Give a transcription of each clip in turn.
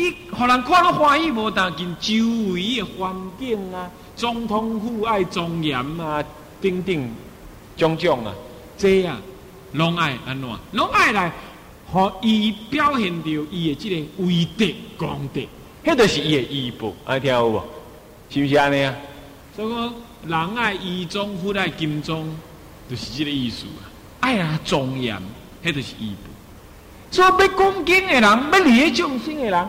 伊互人看都歡喜無單，近周圍嘅環境啊，總統府愛莊嚴啊，等等種種啊，這啊，攏愛安怎？攏愛來，互伊表現着伊嘅即個威德功德，迄著、嗯、是伊嘅義務，你、嗯啊、聽有無？是不是安尼啊？所以講，人愛義忠，父愛金忠，就是即個意思啊。愛啊莊嚴，迄著是義務。所以，要恭敬嘅人，要禮敬心嘅人。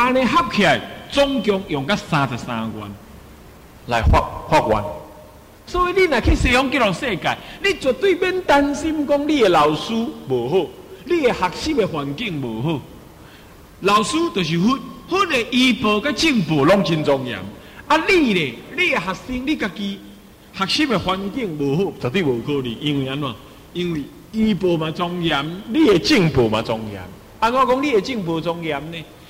安尼合起來，總共用咗三十三萬來發發願，所以你若去西方極樂世界，你絕對免擔心講你的老師唔好，你的學習的環境唔好。老師就是好好的醫保嘅進步，攏真重要。啊，你呢？你的學生你家己學習的環境唔好，絕對唔可能，因為安怎？因為醫保嘛重要，你的進步嘛重要。啊，我講你的進步重要呢？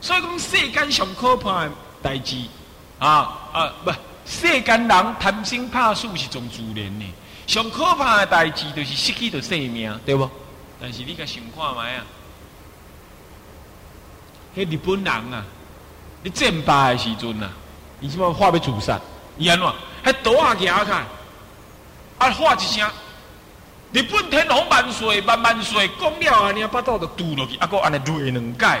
所以講世間上可怕嘅代志，啊啊不，世間人貪生怕死是種自然嘅。上可怕嘅代志就是失去着性命，對不吧？但是你個想看賣啊？迄日本人啊，你戰敗嘅時陣啊，你要他媽化被誅殺，伊安怎還倒下牙看？啊，喊一聲，日本天皇萬歲，萬萬歲！講了啊，你啊，巴都都堵落去，阿哥安尼嘴兩解。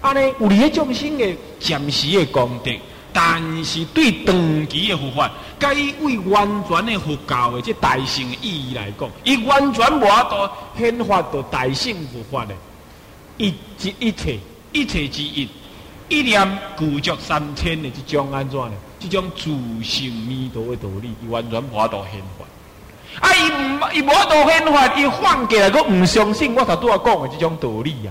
啊咧，有你迄種新嘅暫時嘅功德，但是對長期嘅佛法，介為完全嘅佛教嘅即大乘意義來講，伊完全無法度顯化到大乘佛法咧。一即一切，一切之一，一念具足三千嘅即種安怎咧？即種自性彌陀嘅道理，伊完全無法度顯化。啊！伊唔伊無法度顯化，伊反過來佫毋相信我頭拄啊講嘅即種道理啊。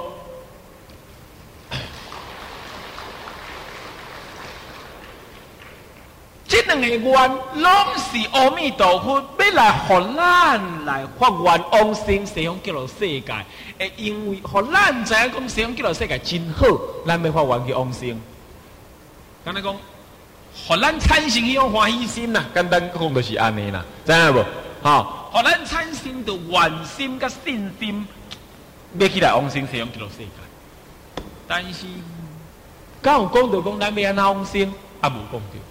願，攏是阿彌陀佛，要嚟給咱嚟發願往生西方極樂世界。誒，因為給咱唔知啊，講西方極樂世界真好，咱未發願嘅往生。咁你講，給咱產生呢種歡喜心啊，簡單講就係咁樣啦，知唔知啊？好，給咱產生嘅願心、嘅信心，要起來往生西方極樂世界。但是，咁講到講咱未按那往生，阿冇講到。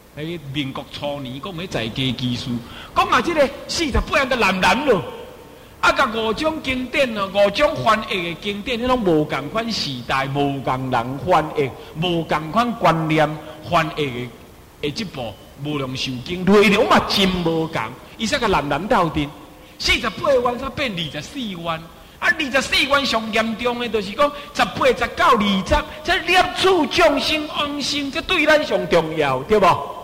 誒，民國初年講起在地技術，講下即個四十八萬個男難咯，啊，甲五種經典啊，五種翻譯嘅經典，迄種無共款時代，無共人翻譯，無共款觀念翻譯嘅誒，即部無量壽經內容嘛真無共伊說甲男難斗底，四十八萬煞變二十四萬，啊，二十四萬上嚴重嘅就是講十八、十九二十，即念處、眾生、安心，這對咱上重要，對不？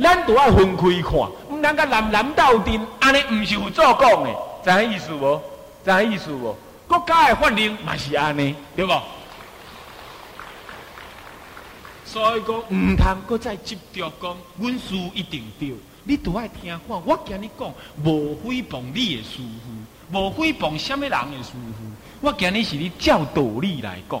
咱都要分開看，毋通甲男男鬥陣，安尼毋是有做講嘅，知影意思無？知影意思無？國家嘅法令嘛，是安尼，對無吧？所以講毋通，閣再執着講，阮師父一定對。你都愛聽看。我驚你講，無誹謗你嘅師父，無誹謗什麼人嘅師父，我驚你是你照道理來講。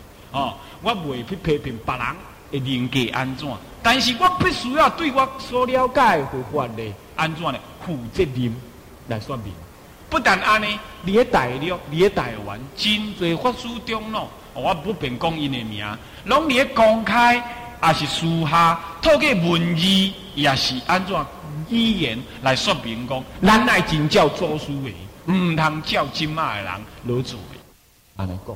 哦，我袂去批評別人的人格安怎，但是我必須要對我所了解的佛法咧安怎咧負責任來說明。不但安尼，你喺大陸、你喺台灣，真濟法師中咯，我不便講因嘅名，攏喺公開，也是私下，透過文字，也是安怎語言來說明說，講咱愛真教做出來，毋通教神馬嘅人來做嘅。安尼講。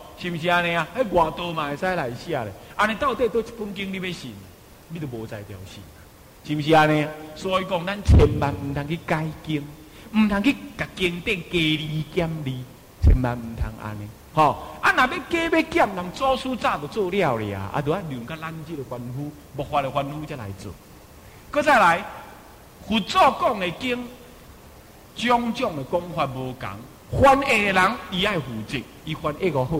是不是安尼啊？喺、欸、外道嘛會使來寫咧，安尼到底都一本經你要信，你都無在調戲，是不是安尼、啊？所以講，咱千萬唔通去改經，唔通去甲經典加字減字，千萬唔通安尼。吼、哦！啊，那要加要減，人做書早就做了了啊。啊，對啊，用個咱即個凡夫，莫法的凡夫才來做。擱再來佛祖講的經，種種的講法無同，翻譯的人伊愛負責，伊翻譯個好。